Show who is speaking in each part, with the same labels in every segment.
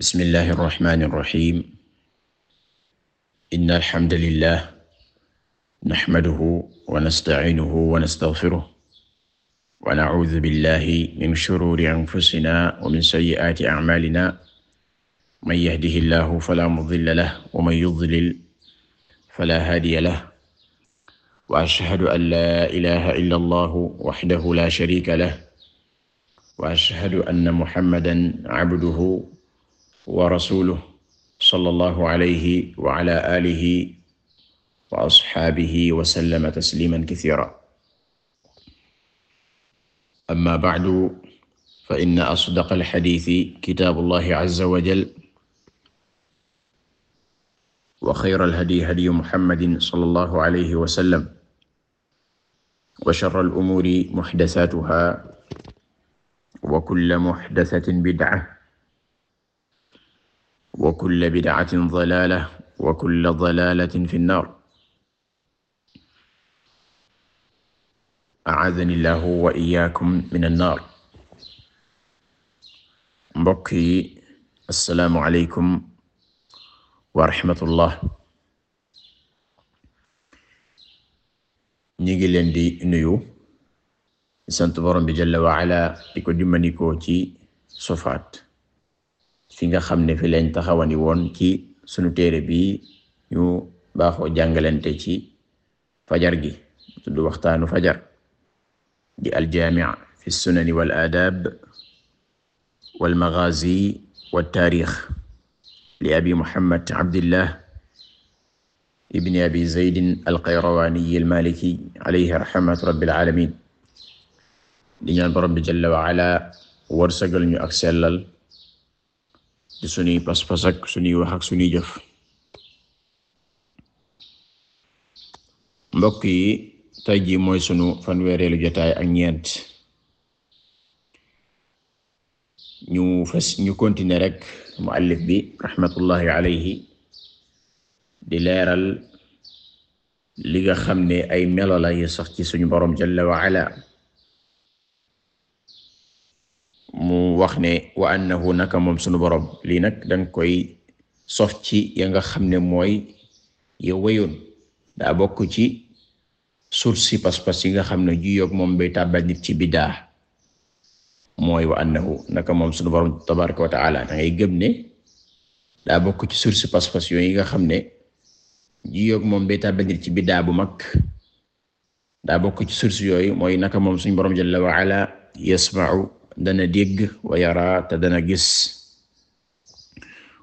Speaker 1: bismillahi irrahmani irrahim inna alhamdulillah naxmaduhu wa nastaciinuhu wa nastagfiruh wa nacuudu billahi min shuruuri anfusina wa min sayyi'aati acmaalina man yahdihi llahu falaa mudilla lah wa man yudlil falaa haadiya lah wa ashhadu an laa ilaaha illa allahu waxdahu laa shariika lah wa ashhadu anna muhammadan cabduhu wa rasuluhu sallallahu alayhi wa ala alihi wa asxaabihi wa sallama tasliman kasiira amma bacdu fa inna asdaqa alxadiisi kitaabullahi azza wa jal wa xayra alhadyi hadyu muhammadin sallallahu alayhi wa sallam wa sharra alumuuri muxdasatuhaa wa kulla muxdasatin bidca wa kulla bid'atin dalaala wa kulla dalaalatin fi nnaar a'aadani llaahu wa iyyaakum mina nnaar mbokk yi assalaamu aleykum wa rahmatullah ñu ngi leen di nuyu sant Boroom bi jalla wa ala di ko dimbanikoo ci sofaat fi nga xam ne fi lañ taxawani woon ci sunu téere bi ñu baaxoo jàngalante ci fajar gi tudd waxtaanu fajar di aljaamic fi sunani wal aadaab wal magaazi wa taarix li abi muhammad abdillah ibni abi zaydin alqayrawaaniyi almaliki alayhi rahmatu rabbil aalamiin di bi jalla wa ala wërsëgal ñu ak sellal di suñuy pas-pas ak suñuy wax ak suñuy jëf mbokk yi tey ji mooy sunu fanweereelu jotaay ak ñeent ñu fas ñu continuer rek allif bi rahmatullahi alayhi di leeral li nga xam ne ay melo la yi sax ci suñu borom jalla wa ala mu wax ne wa annahu naka moom sunu borom lii nag danga koy sof ci ya nga xam ne mooy ya wayoon daa bokk ci source pas-pas yi nga xam ne juyoog moom bay tàbbal ci biddaa mooy wa annahu naka moom sunu wa taala da ngay gëm ne daa bokk ci source pas-pas yooyu nga xam ne juyoog moom bay tàbbal ci biddaa bu mag daa bokk ci source yooyu mooy naka moom suñu borom jalla wa ala yasma'u dana dégg wa yara te dana gis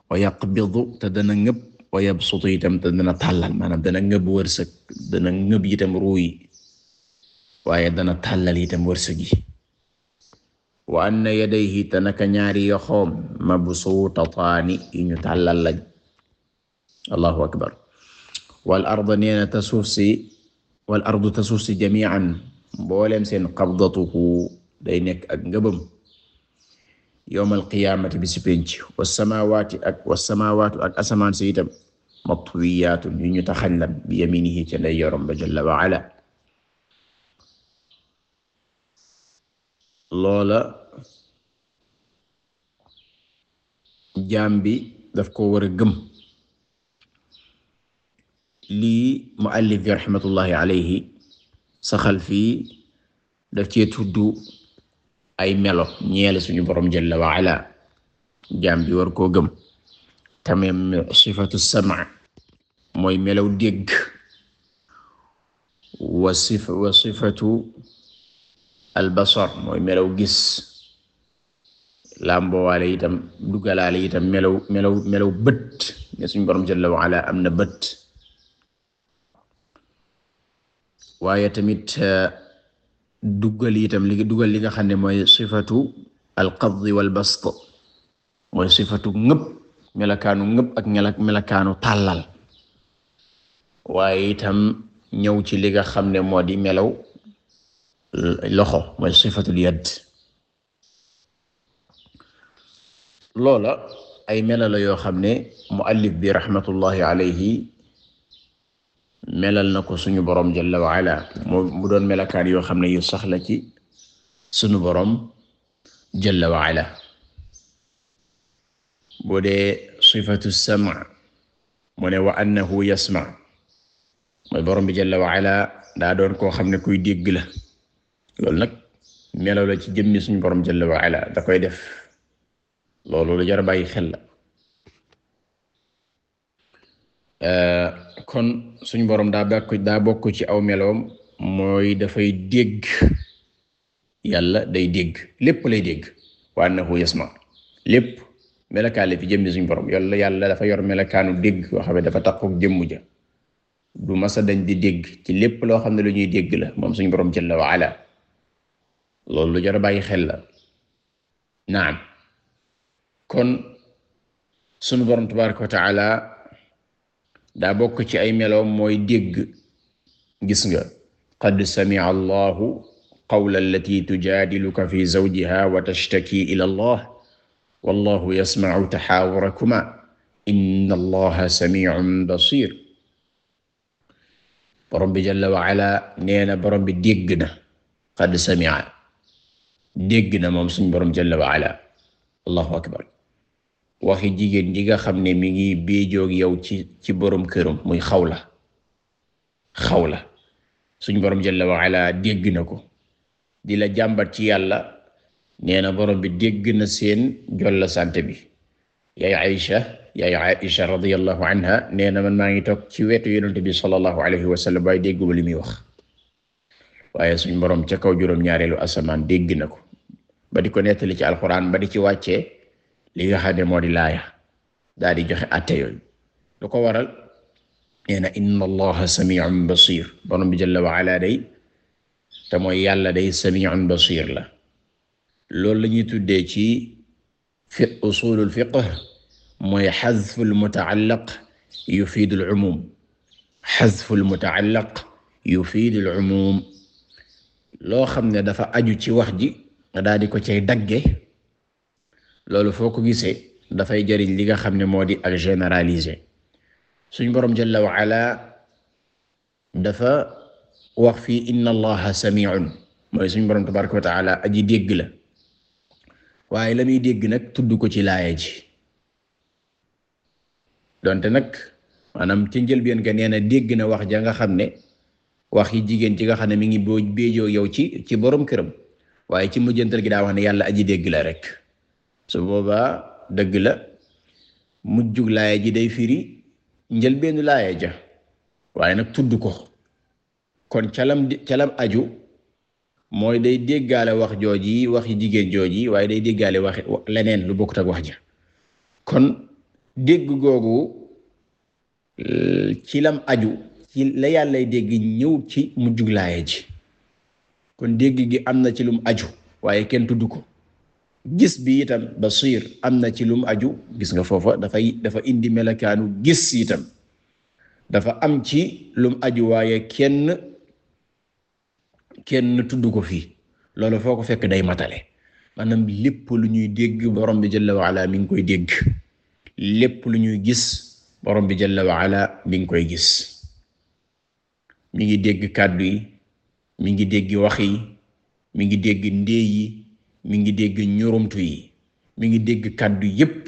Speaker 1: wa yaqbidu te dana ngëb wa yabsutu itam dana tàllal maanaam dana ngëb wërsëg dana ngëb itam ruuy waaye dana tàllal itam wërsëg yi wa anna yadayhi te naka ñaari yoxoom mabsuutataani yu ñu tàllal lañ allahu akbar wal arda neena ta suuf si wal ardu ta day nekk ak ngëbam yowmal qiyaamati bi si penc wasamaawaati ak wasamaawaatu ak asamaan si itam matwiyaatun yu ñu taxañ lan bi yaminihi ca nday ba jalla wa ala loola jaam bi daf ko war a gëm lii muallif bi raxmatullahi alayhi saxal fii daf cee tuddu ay melo ñeel suñu borom jalla wa ala jaam bi war koo gëm tamim sama mooy melow dégg wa sif wa albasar mooy melaw gis làmbowaale itam dugalaale itam melaw melaw melaw bët ne suñu borom jalla wa ala am na bët waaye duggal itam li duggal li nga xam ne mooy sifatu alqabd wal bast mooy sifatu ngëb melakaanu ngëb ak melakaanu tàllal waaye itam ñëw ci li xam ne moo di melaw loxo mooy sifatul yad loola ay mela yoo xam ne muallif bi rahmatullahi alayhi melal na ko suñu borom jalla wa ala mu doon melakaan yoo xam ne yoo sax la ci suñu borom jalla wa ala bu dee sifatu sama moo ne wa annahu yasma mooy borom bi jalla wa ala daa doon koo xam ne kuy dégg la loolu nag melaw la ci jëmmi suñu borom jalla wa ala da koy def loolu lu jar a bàyyi xel la euh, kon suñ borom daa bokk daa bokk ci aw meloom mooy dafay dégg yàlla day dégg lépp lay dégg na annahu yasma lépp melakaan la fi jëmmi suñ borom yàlla yàlla dafa yor melakaanu dégg yoo xam ne dafa takkook jëmmu ja du masa dañ di dégg ci lépp loo xam ne lu ñuy dégg la moom suñ borom jalla wa ala loolu lu jar a bàyyi xel la naam kon suñu borom tabaraka wa daa bokk ci ay meloom mooy dégg gis nga qad samia allahu qawla allati tujaadiluka fi zawjiha wa tashtaki ila allah wallahu yasmau taxaawurakuma inna allaha samiun basir borom bi jalla wa ala nee na borom bi dégg na qad samia dégg na moom suñ borom jalla wa ala allahu akbar waxi jigéen ji nga xam ne mi ngi béejoog yow ci ci borom këram muy xawla xawla suñ borom jalla wa ala dégg na ko di la jàmbat ci yàlla nee na borom bi dégg na seen jolla sante bi yaay Aïcha yaay Aïcha radiyallahu anha nee na man maa ngi toog ci wetu yonent bi sallallahu alayhi wa sallam waaye dégguma li muy wax waaye suñ borom ca kaw juróom-ñaareelu asamaan dégg na ko ba di ko nettali ci alxuraan ba di ci wàccee li nga xam ne moo di laaya daal di joxe atte yooyu lu ko waral nee na inna allaha samiun basir borom bi jalla wa ala day te mooy yàlla day samiun basir la loolu la ñuy tuddee ci fi usulul fiqh mooy xazful mutaallaq yufiidul umum xazful mutaallaq yufiidul umum loo xam ne dafa aju ci wax ji nga daal di ko cay dagge loolu foo ko gisee dafay jariñ li nga xam ne moo di ak généralise suñ boroom jalla wa ala dafa wax fii inna allaha samiun mooy suñ boroom tabaraka wa taala aji dégg la waaye la dégg nag tudd ko ci laaya ji donte nag maanaam ci njëlbeen ka nee na dégg na wax ja nga xam ne wax yi jigéen ci nga xam ne mi ngi boo béejoo yow ci ci borom këram waaye ci mujjantal gi daa wax ne yàlla aji dégg la rek su boobaa dëgg la mujjug laaya ji day firi njëlbeenu laaya ja waaye nag tudd ko kon calam calam aju mooy day déggaale wax jooj yi waxi jigéen jooj yi waaye day déggaale wax leneen lu bokkut ak wax ja kon dégg googu ci lam aju ci la yàllay dégg ñëw ci mujjug laaya ji kon dégg gi am na ci lum aju waaye kenn tudd ko gis bi itam basir am na ci lum aju gis nga foofa dafay dafa indi melakaanu gis itam dafa am ci lum aju waaye kenn kenn tudd ko fi loolo foo ko fekk day matale maanaam lépp lu ñuy dégg borom bi jalla waala mi ngi koy dégg lépp lu ñuy gis borom bi jalla waala mi ngi koy gis mi ngi dégg kàddu yi mi ngi dégg wax yi mi ngi dégg ndee yi mi ngi dégg ñoromtu yi mi ngi dégg kàddu yépp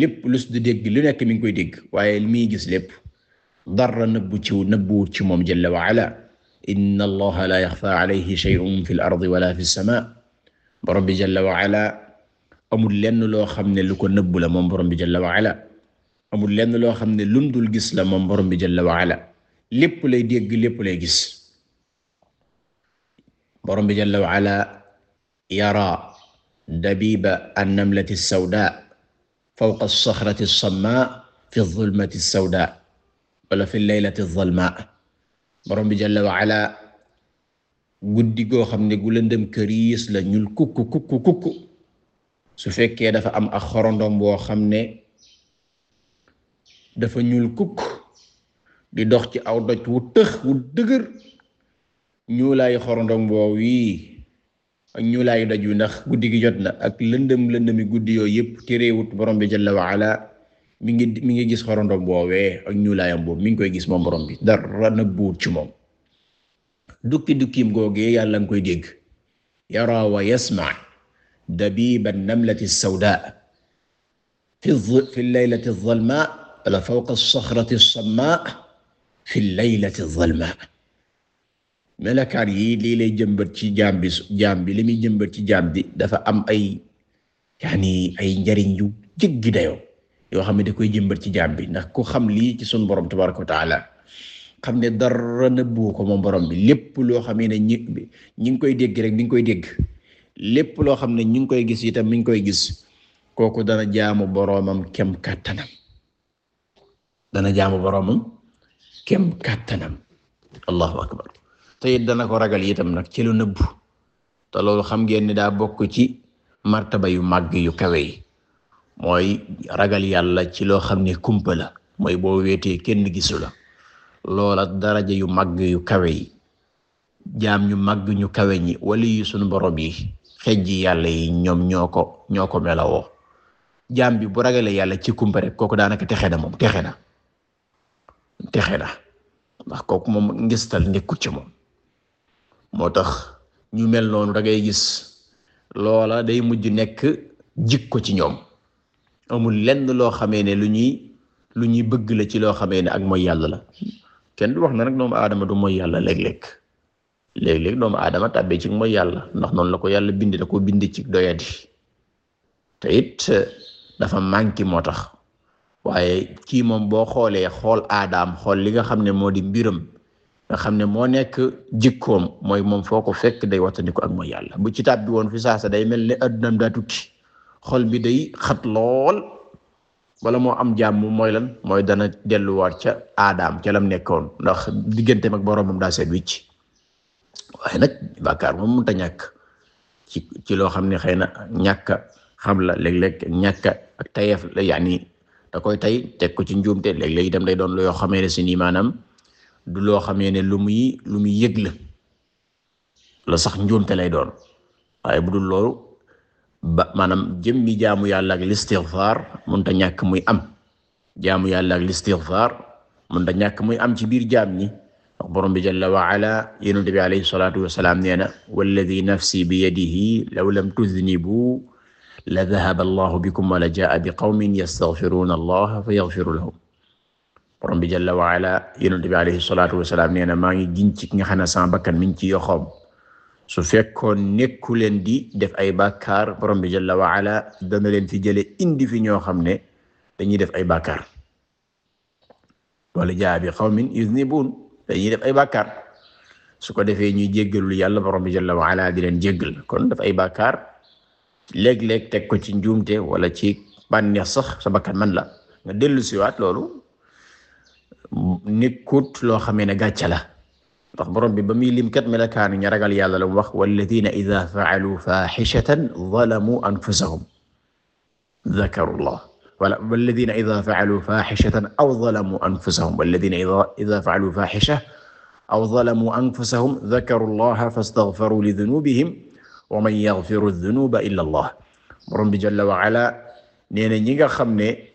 Speaker 1: lépp lu lu nekk mi ngi koy dégg waaye li muy gis lépp dara nëbbu ci nëbbu ci moom jalla wa ala inna allaha la yaxfa alayhi shay'un fi l wala fi sama borom bi jalla wa ala amul lenn loo xam ne lu ko nëbbu la moom borom bi jalla amul lenn loo xam ne lum dul gis la moom borom bi jalla wa ala lépp lay lépp lay gis borom bi wa ala يرى دبيب النملة السوداء فوق الصخرة الصماء في الظلمة السوداء wala fi laylati zalmaa borom bi jalla wa ala guddi goo xam ne gu lëndëm këriis la ñul kukku kukku su fekkee dafa am ak xorondom boo xam ne dafa ñuul kukk di dox ci aw doj wu tëx wu dëgër ñuulaayu xorondom boo ak ñuulaayu daj wi ndax guddi gi jot na ak lëndëm lëndëmi guddi yooyu yëpp téréewut borom bi jalla wa ala mi ngi mi ngi gis xorondom boobee ak ñuulaayam boobu mi ngi koy gis moom borom bi dara nëbbuwut ci moom dukki dukkim googee yàlla nga koy dégg yara wa yasma dabiba namlati sawda fi fi laylati zalma wala fawqa saxrati samma fi laylati zalma melakaan yii lii lay jëmbat ci jaam bi jaam bi li jëmbat ci jaam bi dafa am ay yaani ay njariñ yu jéggi yoo xam ne da koy jëmbat ci jaam bi ndax ku xam lii ci sun borom tabaraka wa taala xam ne dara nëbbu ko moom borom bi lépp loo xam ne ñi ñi ngi koy dégg rek mi koy dégg lépp loo xam ne ñu ngi koy gis itam mi ngi koy gis kooku dana jaamu boromam kem kàttanam dana jaamu boromam kem kàttanam allahu akbar te it dana ko ragal itam nag ci lu nëbb te loolu xam ngeen ni daa bokk ci martaba yu màgg yu kawe yi mooy ragal yàlla ci loo xam ne kumpa la mooy boo weetee kenn gisu la loola daraja yu màgg yu kawe yi jaam yu màgg ñu kawe ñi wala yu sunu borom yi xej yàlla yi ñoom ñoo ko ñoo ko melawoo jaam bi bu ragalee yàlla ci kumpa rek kooku daanaka texe na moom texe na texe na ndax kooku moom ngistal nekkul ci moom moo tax ñu mel noonu da ngay gis loola day mujj nekk jikko ci ñoom amul lenn loo xamee ne lu ñuy lu ñuy bëgg la ci loo xamee ne ak mooy yàlla la kenn du wax na nag doomu aadama du mooy yàlla léeg-léeg léeg doomu aadama tàbbee ci mooy yàlla ndax noonu la ko yàlla bind da ko bind ci doyadi te it dafa manqué moo tax waaye kii moom boo xoolee xool aadaam xool li nga xam ne moo di mbiram nga xam ne moo nekk jikkoom mooy moom foo ko fekk day wattandiku ak moo yàlla bu ci tàbbi woon fi saasa day mel ne addunam daa tukki xol bi day xat lool wala moo am jàmm mooy lan mooy dana delluwaat ca aadaam ca lam nekkoon ndax mag ak boroomam daa seet wicc waaye nag bàkkaar moom mënta ñàkk ci ci loo xam ne xëy na ñàkk xam la léeg-léeg ñàkk ak tayeef la yaani da koy tay tek ko ci njuumte léeg-léeg itam day doon lu yoo xamee ne si du loo xamee ne lu muy lu muy yëg la la sax njuumte lay doon waaye bu dul loolu ba maanaam jaamu yàlla ak l'istighfar mënta ñàkk muy am jaamu yàlla ak l'istighfar mënta ñàkk muy am ci biir jaam ñi ndax borom bi jalla wa ala yonent bi alayhi salaatu wasalaam nee na walladi nafsi bi yadihi law lam tudnibu la dahaba allahu bikum wala jaa bi qawmin yastaghfiruna allaha fa lahum borom bi jalla wa ala yonent bi alayhi salaatu wa salaam nee na maa ngi giñ ci ki nga xam ne sama bakkan mi ngi ci yoxoom su fekkoon nekku leen di def ay bàkkaar borom bi jalla wa ala dana leen fi jële indi fi ñoo xam ne dañuy def ay bàkkaar wala jaa xaw qawmin yuznibun dañuy def ay bàkkaar su ko defee ñuy jéggalul yàlla borom bi jalla wa ala di leen jéggal kon def ay bàkkaar léeg-léeg teg ko ci njuumte wala ci bànneex sax sa bakkan man la nga dellu siwaat loolu nekkut loo xamee ne gàcce la ndax borom bi ba muy lim kat melakaanu ña ragal yàlla la wax walladina ida faalu faaxishatan zalamu anfusahum zakarullah wala walladina ida faalu faaxishatan aw zalamu anfusahum walladina ida faalu faaxisha aw zalamu anfusahum zakarullaha fastaghfaru li dunubihim wa man yaghfiru dunuba illa allah borom bi jalla wa ala nee na ñi nga xam ne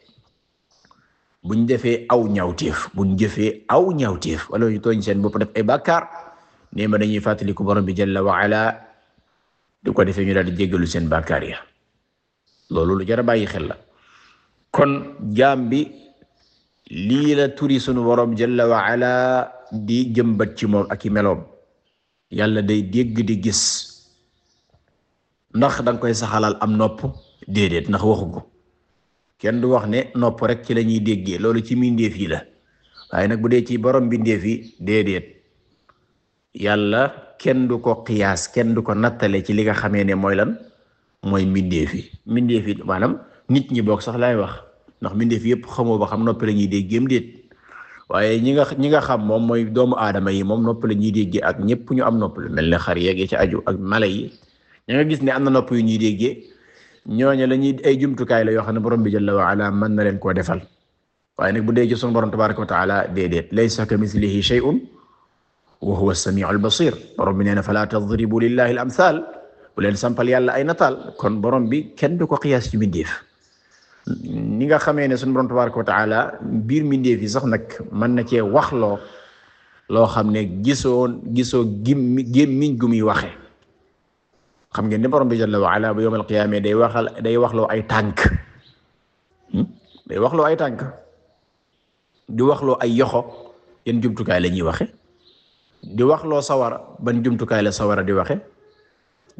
Speaker 1: buñ defee aw ñaawteef bu jëfee aw ñaawteef wala ñu tooñ seen bopp def ay bàkkaar nee ma dañuy fàttaliku borom bi jalla wa ala du ko defee ñu daal di jéggalu seen bàkkaar ya loolu lu jar a bàyyi xel la kon jaam bi lii la turi sunu borom jalla wa ala di jëmbat ci moom ak i meloom yàlla day dégg di gis ndax dang koy saxalal am nopp déedéet ndax waxu ko kenn du wax ne nopp rek ci la ñuy déggee loolu ci mbindeef yi la waaye nag bu dee ci boroom mbindeef yi yàlla kenn du ko xiyaas kenn du ko nattale ci li nga xamee ne mooy lan mooy mbindeef yi mbindeef yi maanaam nit ñi boog sax laay wax ndax mbindeef yëpp xamoo ba xam nopp la ñuy déggéem déet waaye ñi nga ñi nga xam moom mooy doomu aadama yi moom nopp la ñuy déggee ak ñëpp ñu am nopp lu mel ne xar yeeg ci aju ak mala yi ña nga gis ne am na nopp yu ñuy déggee ñooña la ñuy ay jumtukaay la yoo xam ne borom bi jalla wa ala mën na leen koo defal waaye nag bu dee ci sunu borom tabaraka wa taala déedéet laysa ka mislihi shay'un wa huwa as-sami'u al-basir bi nee na fala tadribu lillahi al-amthal bu leen sampal yàlla ay nataal kon borom bi kenn du ko qiyaas ci mindeef ni nga xamee ne sunu borom tabaraka wa taala biir mindeef yi sax nag mën na cee wax loo loo xam ne gisoon gisoo gim gémmiñ waxe xam ngeen ne borom bi jalla wa ala ba yawmal qiyaama day waxal day waxloo ay tànk hmm? day waxloo ay tànk di waxloo ay yoxo yen jumtukaay la ñuy waxe di waxloo sawara ban jumtukaay la sawara di waxe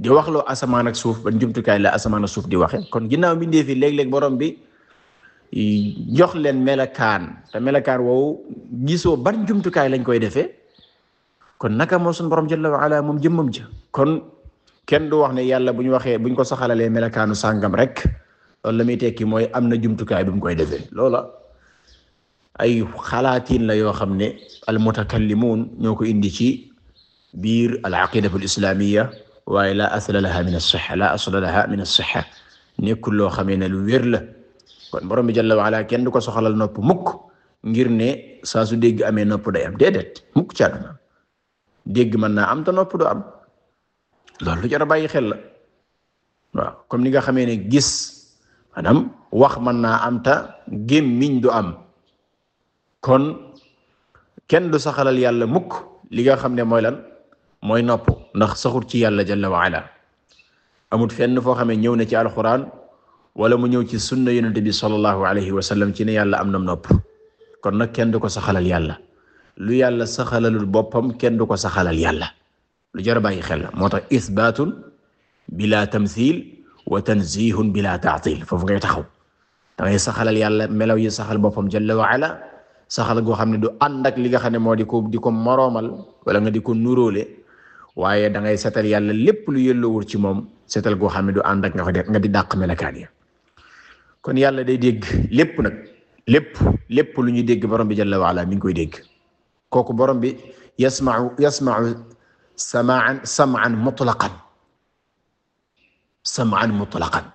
Speaker 1: di waxloo asamaan ak suuf ban jumtukaay la asamaan suuf di waxe kon ginnaaw bi ndee fi léeg-léeg borom bi jox leen melakaan te melakaan woowu gisoo ban jumtukaay lañ koy defe kon naka moo suñu borom jalla wa ala moom jëmmam ja kon kenn du wax ne yàlla bu ñu waxee bu ñu ko saxalalee melakaanu sàngam rek loolu la muy tekki mooy am na jumtukaay bu mu koy defee loola ay xalaatiin la yoo xam ne al mutakallimuun ñoo ko indi ci biir al aqidatu al islamiyya waaye la asla laha min as-sihha la asla laha nekkul loo xamee ne lu wér la kon borom bi jalla wa ala kenn du ko soxalal nopp mukk ngir ne saa su dégg amee nopp day am déedéet mukk ca dama dégg mën am te nopp am loolu lu jar a bàyyi xel la waaw comme ni nga xamee ne gis maanaam wax mën naa am ta gémmiñ du am kon kenn du saxalal yàlla mukk li nga xam ne mooy lan mooy nopp ndax saxul ci yàlla jalla wa ala amut fenn foo xamee ñëw na ci alxuraan wala mu ñëw ci sunna yonente bi sallallahu alayhi wa sallam ci ne yàlla am na nopp kon nag kenn du ko saxalal yàlla lu yàlla saxalalul boppam kenn du ko saxalal yàlla lu jar a bàyyi xel la moo tax isbaatun bila tamthil wa tanzihun bila taatil foofu ngay taxaw da ngay saxalal yàlla melaw yi saxal boppam jalla wa ala saxal goo xam ne du ànd ak li nga xam ne moo di ko di ko moroomal wala nga di ko nuróole waaye da ngay setal yàlla lépp lu yëlloowul ci moom setal goo xam ne du ànd ak nga ko nga di dàq melakaan yi kon yàlla day dégg lépp nag lépp lépp lu ñuy dégg borom bi jalla wa ala mi ngi koy dégg kooku borom bi samaan samaan mutlaqan samaan mutlaqan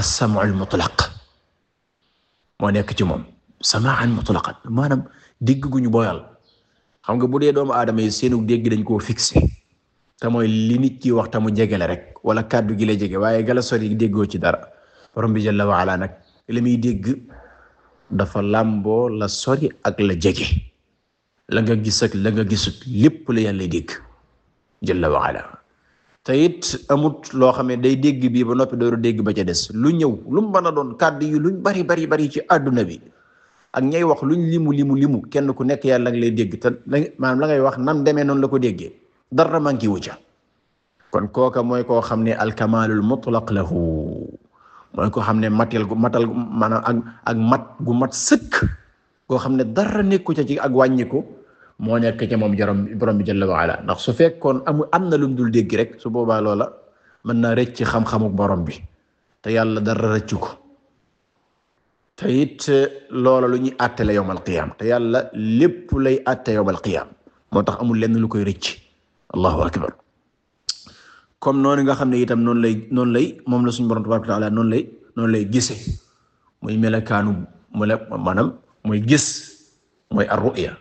Speaker 1: as-sam'ul mutlaq moo nekk ci moom samaan mutlaqan maanaam dégg gu ñu boyal xam nga bu dee doomu aadama yi seenu dégg dañ koo fixé te mooy li nit ki wax te mu jege rek wala kàddu gi la jege waaye gala sori déggoo ci dara borom bi jalla wa ala nag li muy dégg dafa lambo la sori ak la jege la nga gis ak la nga gisut lépp la yàlla dégg jalla wa ala te it amut loo xam ne day dégg bii ba noppi dooru dégg ba ca des lu ñëw lu mu mën a doon kàddu yi luñ bari bari bari ci àdduna bi ak ñay wax luñ limu limu limu kenn ku nekk yàlla nga lay dégg ta maanaam la ngay wax nam demee noonu la ko déggee dara manqué wu ca kon kooka mooy koo xam ne alkamalul mutlaq lahu mooy koo xam ne matal gu matal maanaam ak ak mat gu mat sëkk koo xam ne dara nekku ca ci ak wàññiku moo nekk ca moom jarom borom bi jalla waala ndax su fekkoon amu am na lum dul dégg rek su boobaa loola mën naa rëcc xam-xamu borom bi te yàlla dara rëccu ko te it loola lu ñuy àtte la yowmal te yàlla lépp lay àtte yowmal qiyaam moo tax amul lenn lu koy rëcc allahu akbar comme noonu nga xam ne itam noonu lay noonu lay moom la suñu borom noonu lay noonu lay gisee muy melakaanu mala maanaam mooy gis mooy ar-ru'ya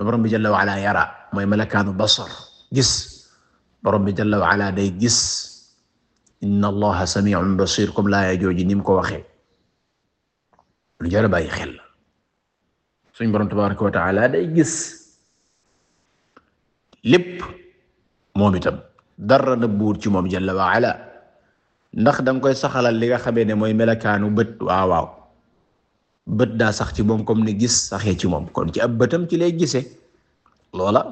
Speaker 1: borom bi jalla wa yara mooy malakaanu basar gis borom bi jalla wa day gis inna allaha samiun basir comme laaya jooji ni mu ko waxe lu jar a bàyyi xel suñ borom tabaraka wa day gis lépp moom itam dara na buur ci moom jalla wa ndax danga koy saxalal li nga xamee ne mooy melakaanu bët waaw bët daa sax ci moom comme ni gis saxee ci moom kon ci ab bëtam ci lay gisee loola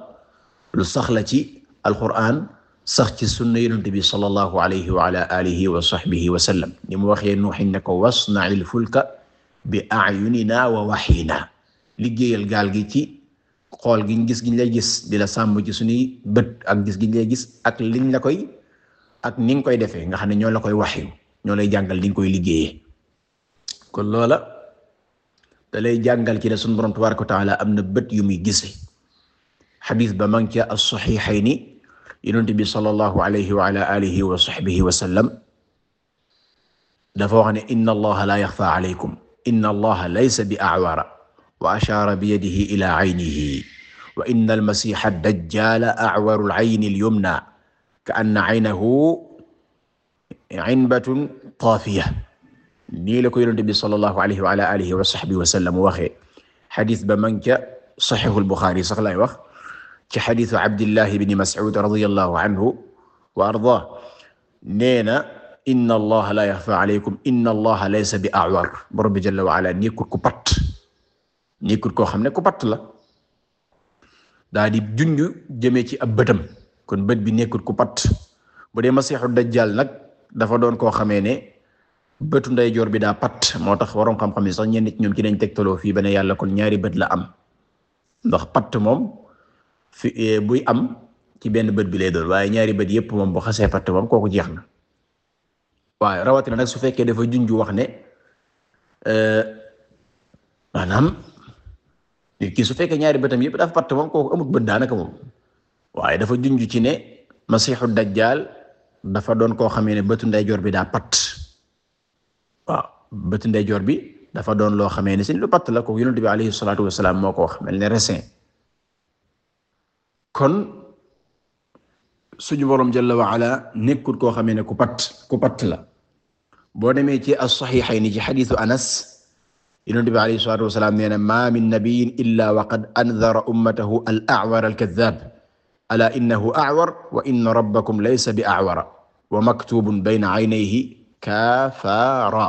Speaker 1: lu sax la ci alquran sax ci sunna yonent bi sallallahu alayhi wa ala alihi wa sahbihi wa sallam ni mu waxee nuuxin ne ko wasna'il fulka bi a'yunina wa wahyina liggéeyal gaal gi ci xool giñ gis giñ lay gis di la sàmm ci suñuy bët ak gis giñ lay gis ak liñ la koy ak ni nga koy defee nga xam ne ñoo la koy waxyu ñoo lay jàngal ni koy liggéeyee kon loola da lay jàngal ci ne sunu borom tabaraka wa taala am na bët yu muy gisee xadis ba mang ca as-saxiixayni yonent bi sallallahu alayhi wa ala alihi wa sahbihi wa sallam dafa wax ne inna allaha la yaxfa alaykum inna allaha laysa bi a'wara wa ashaara bi yadihi ila aynihi wa inna al-masiixa ad-dajjaala a'waru al-ayni al-yumna ka anna aynahu inbatun taafiya nii la ko yonente bi sallallahu alayhi wa ala alihi wa sahbihi wa sallam waxee xadis ba man ca saxiixul Buxaari sax laay wax ci xadisu Abdillahi ibni Mas'ud radiyallahu anhu wa ardaah nee na inna allaha la yaxfa alaykum inna allaha laysa bi awar borom bi jalla wa ala nekkul ku koo xam ne ku pat la daa di junj jëmee ci ab bëtam kon bët bi nekkul ku pat bu dee masiixu dajjal nag dafa doon koo xamee ne bëtu ndeyjoor bi daa pat moo tax waroom xam-xam yi sax ñoom ci dañ tegtaloo fii ba ne yàlla kon ñaari bët la am ndax pat moom fi e, buy am ci benn bët bi lay doon waaye ñaari bët yëpp moom boo xasee pat moom kooku jeex na waaye rawatina nag su fekkee dafa junj wax ne e, maanaam nit ki su fekkee ñaari bëtam yëpp dafa pat moom kooku amut bët daanaka moom waaye dafa junj ci ne masiixu dajjaal dafa doon koo xamee ne bëtu ndeyjoor bi daa pat. waaw ah, bët ndeyjoor bi dafa doon loo xamee ni si lu batt la ko yonent bi alayhi salaatu wasalaam moo ko wax mel ne resin kon suñu borom jalla wa ala nekkul koo xamee ne ku patt ku patt la boo demee ci as-saxiixayni ci na maa min nabiyin illa wa qad anzara ummatahu al awar al kaddaab ala innahu awar wa inna rabbakum laysa bi awara wa maktubun bayna aynayhi kafaara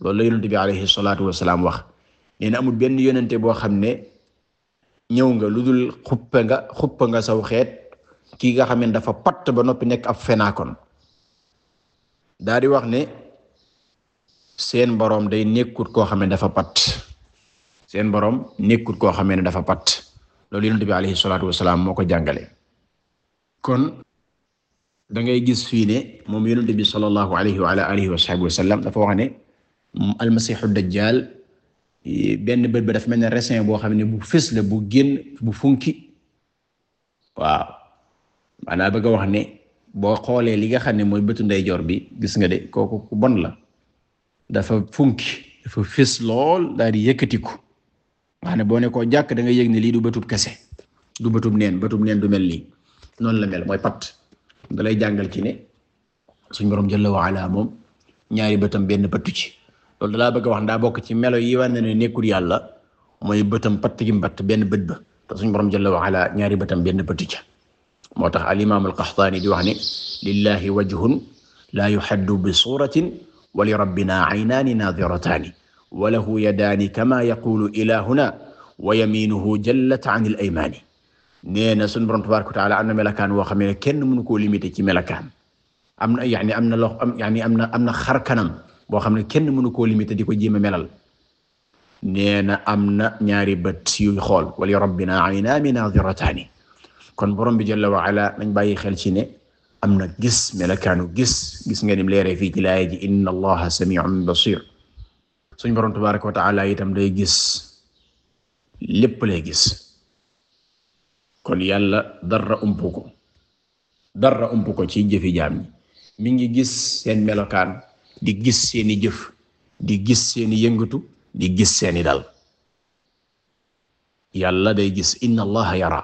Speaker 1: loolu la yonent bi salaam salaatu wasalaam wax nee na amul benn yonente boo xam ne ñëw nga lu dul xuppe nga xuppe nga saw xeet kii nga xam ne dafa patt ba noppi nekk ab fenaakon daa di wax ne seen boroom day nekkut koo xam ne dafa patt seen boroom nekkut koo xam ne dafa patt loolu yonent bi alayhi salaatu wasalaam moo ko jàngale kon da ngay gis fii ne moom yonent bi sallallahu alayhi wa ala alihi wa sahbihi wa sallam dafa benn bët ba dafa mel ne raisin boo xam ne bu fës la bu génn bu funki waaw maanaam bëgg a wax ne boo xoolee li nga xam ne mooy bëtu ndeyjoor bi gis nga de kooku bon la dafa funki dafa fës lool daal di yëkkatiku nga ne boo ne koo jàkk da nga yëg ne lii du bëtub kese du bëtu neen bëtub neen du mel nii noonu la mel mooy pat dalay jàngal ci ne suñ borom jalla wa ala moom ñaari bëtam benn pattu ci loolu dalaa bëgg a wax ndaa bokk ci melo yi wane ne nekkul yàlla mooy bëtam patt gi mbatt benn bët ba te suñ borom jalla wa ala ñaari bëtam benn pattu ca moo tax al imam al qaxtaani di wax ne lillahi wajhun laa yuxaddu bi suratin wa li rabbina aynaani nadirataani wa lahu yadaani kama yaqulu ilahuna wa yaminuhu jallat an al aymaani nee na sunu borom tabaaraka wa taala am na melakaan woo xam ne kenn mënu koo limité ci melakaan am na yaani am na lox am yaani am na am na xar kanam boo xam ne kenn mënu koo limité di ko jéem melal nee na am na ñaari bët yu xool wali rabbina aynaani naadirataani kon borom bi jalla wa ala nañ bàyyi xel ci ne am na gis melakaanu gis gis nga nim leere fii ci laaya ji inna allaha samiun basir suñ borom tabaaraka wa taala itam day gis lépp lay gis kon yàlla dara ump ko dara ump ci jëfi jaam ñi mi ngi gis seen melokaan di gis seeni jëf di gis seeni yëngatu di gis seeni dal yàlla day gis inna allaha yara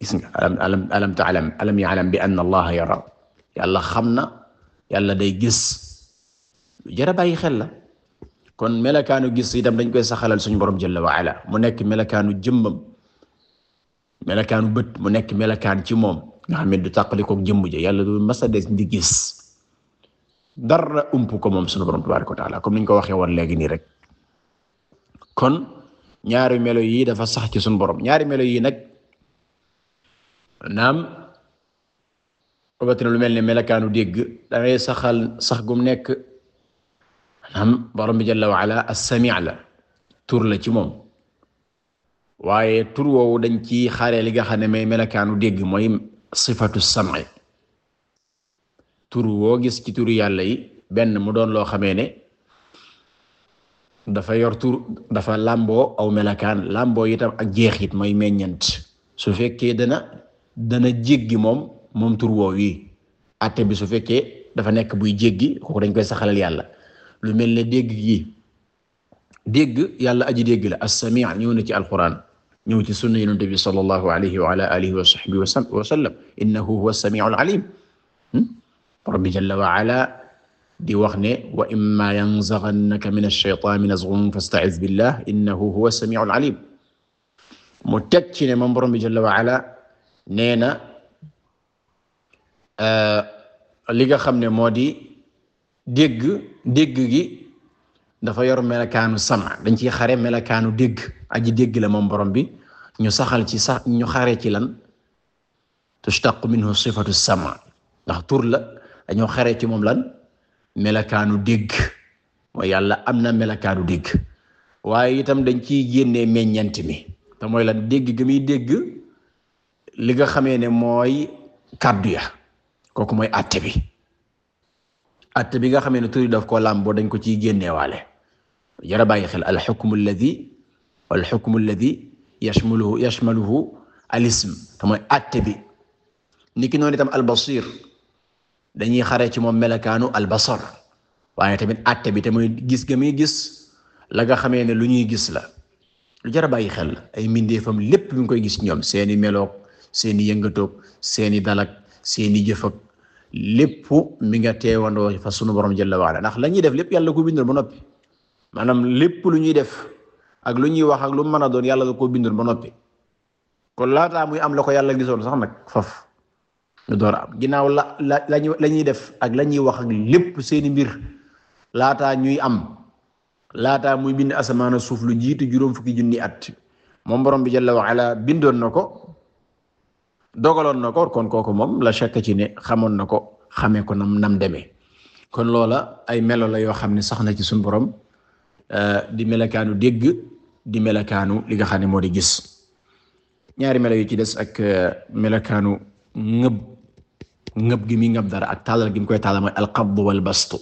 Speaker 1: gis nga alam alam alam ya'lam bi anna allaha yara yàlla xam na yàlla day gis lu xel la kon melokaanu gis itam dañ koy saxalal suñu borom jalla wa ala mu nekk melokaanu jëmmam melakaanu bët mu nekk melakaan ci moom nga xam ne du tàqali koog jëmm ja yàlla du masa des di gis dara ump ko moom sunu borom tabaaraka wa taala comme niñ ko waxee woon léegi nii rek ñaari melo yi dafa sax ci sunu borom ñaari melo yi nag naam rawatina lu mel ne melakaanu dégg da ngay saxal sax gum nekk naam borom bi jalla wa ala as-sami' la tur la ci moom. waaye tur woowu dañ ci xare li nga xam ne may melakaanu dégg mooy sifatu sam'i tur gis ci turu yi benn mu doon loo xamee ne dafa yor tur dafa làmboo aw melakaan làmboo yitam ak jeexit mooy meññant su fekkee dana dana jéggi moom moom tur woow yi atte bi su fekkee dafa nekk buy jéggi kooku dañ koy saxalal yàlla lu mel ne dégg gi dégg yàlla aji dégg la as-sami' ñëw na ci alquran ñëw ci sunna yonent bi sallallahu alayhi wa ala alihi wa sahbihi wa sallam innahu huwa as-sami'ul alim hmm? rabbi jalla wa ala di wax ne wa imma yanzaghannaka min ash-shaytani nazghun fasta'iz billah innahu huwa as-sami'ul alim mu teg ci ne moom borom bi jalla wa ala nee na euh, li nga xam ne moo di dégg dégg gi dafa yor melakaanu sama dañ ciy xare melakaanu dégg aji dégg la moom borom bi ñu saxal ci sax ñu xare ci lan tushtaqu minhu sifatu sama ndax tur la dañoo xare ci moom lan melakaanu dégg mooy yàlla am na melakaanu dégg waaye itam dañ ciy génne meññant mi te mooy lan dégg gi muy dégg li nga xamee ne mooy kàddu ya kooku mooy àtte bi àtte bi nga xamee ne tur yi daf koo làmboo dañ ko ciy génneewaale jara bàyyi xel alxukmu alladi alxukmu alladi yashmuluhu yashmaluhu alism te mooy atte bi ni ki noonu itam albasir dañuy xare ci moom melakaanu albasar waaye tamit atte bi te mooy gis ga muy gis la nga xamee ne lu ñuy gis la lu jara bàyyi xel ay mbindeefam lépp lu ngi koy gis ñoom seeni meloog seeni yëngatoog seeni dalak seeni jëfag lépp mi nga teewandoo fa sunu borom jalla waala ndax la ñuy def lépp yàlla ko bindal ba noppi maanaam lépp lu ñuy def ak lu ñuy wax ak lu mën a doon yàlla da koo bindoon ba noppi kon laataa muy am la ko yàlla gisoon sax nag faf ñu a am ginnaaw la la ñuy def ak la ñuy wax ak lépp seeni mbir laataa ñuy am laataa muy bind asamaana suuf lu jiitu juróom fukki junni at moom borom bi jalla wa ala bindoon na ko dogaloon na ko kon kooku moom la chakk ci ne xamoon na ko xamee ko nam nam demee kon loola ay melo la yoo xam ne sax na ci suñu borom. Euh, di melakaanu dégg di melakaanu li nga xam ne moo di gis ñaari melo yu ci des ak euh, melakaanu ngëb ngëb gi muy ngëb dara ak tàllal gi koy tàllal mooy alqabdu wal bastu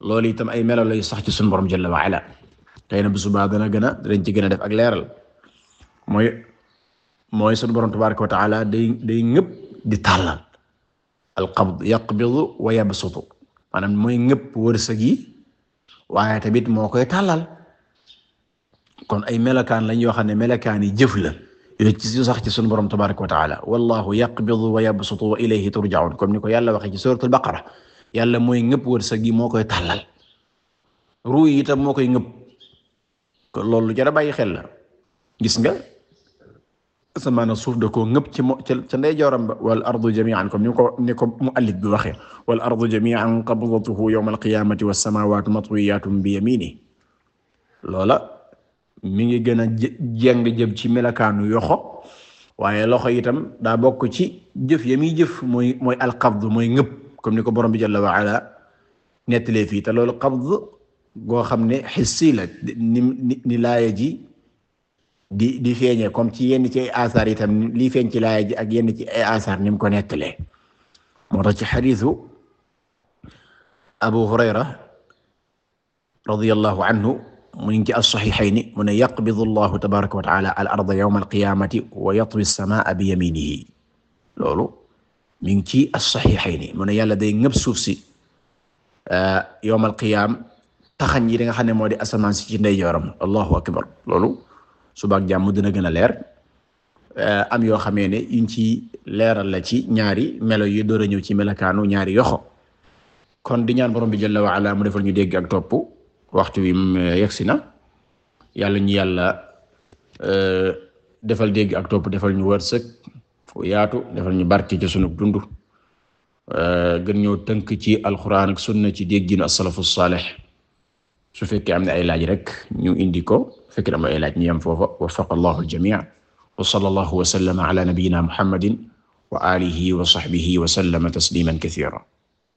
Speaker 1: loolu itam ay melo lay sax ci sunu borom jalla wa ala xëy na bu subaa dana gën a dañ gën a def ak leeral mooy mooy sunu borom tabaraka wa taala day ngëb di tàllal alqabd yaqbidu wa yabsutu maanaam mooy ngëb wërsëg yi waaye tamit moo koy tàllal kon ay melakaan lañ yoo xam ne melakaan yi jëf la yooyu ci sax ci sunu borom tabaraka wa taala wallahu yaqbidu wa yabsutu wa ilayhi turjaun comme ni ko yàlla waxee ci suratul baqara yàlla mooy ngëpp wërsëg yi moo koy tàllal ruu yi itam moo koy ngëpp kon loolu jar a bàyyi xel la gis nga asamaan ak suuf de koo ngëb ci mo ca ndeyjooram ba wal ardu jamian comme ni ko ni ko muallif bi waxee wal ardu jamian qabdatuhu yawma alqiyamati wassamawatu matwiyatun bi yamini loola mi ngi gën a jeng jëm ci melakaanu yoxo waaye loxo yitam daa bokk ci jëf ya muy jëf mooy mooy alqabd mooy ngëb comme ni ko borom bi jalla wa ala nettalee fii te loolu qabd xam ne xissi ni ni ji di di feeñee comme ci yenn ci ay asar itam lii feeñ ci laaya ji ak yenn ci ay asar ni mu ko nettalee moo tax ci xadiisu Abu Hurayra radiyallahu anhu mu ngi ci as-saxiixayni mu ne yaqbidu llahu tabaraka wa taala al arda yawma alqiyaamati wa yatwi as-samaa bi yaminihi loolu mi ngi ci as-saxiixayni mu yàlla day ngëb suuf si euh, yawma alqiyaam taxañ yi da nga xam ne moo di asamaan si ci ndeyjooram allahu akbar suba ak jàmm dina gën a leer euh, am yoo xamee ne yuñ ci leeral la ci ñaari melo yi door a ñëw ci melokaanu ñaari yoxo kon di ñaan borom bi jalla wa ala mu defal ñu dégg ak topp waxtu wi mm, yegsi na yàlla ñu yàlla euh, defal dégg ak topp defal ñu wërsëg fu yaatu defal ñu barke ci sunu dund euh, gën ñoo tënk ci alxuraan ak sunna ci dégginu as-salafu su fekkee am na ay laaj rek ñu indi ko. fekk dama ay laaj ñu yam foofa wafaqa allahu aljamii wa sallallahu wa sallama ala nabiyyina muhammadin wa alihi wa sahbihi wa sallama tasliman kathira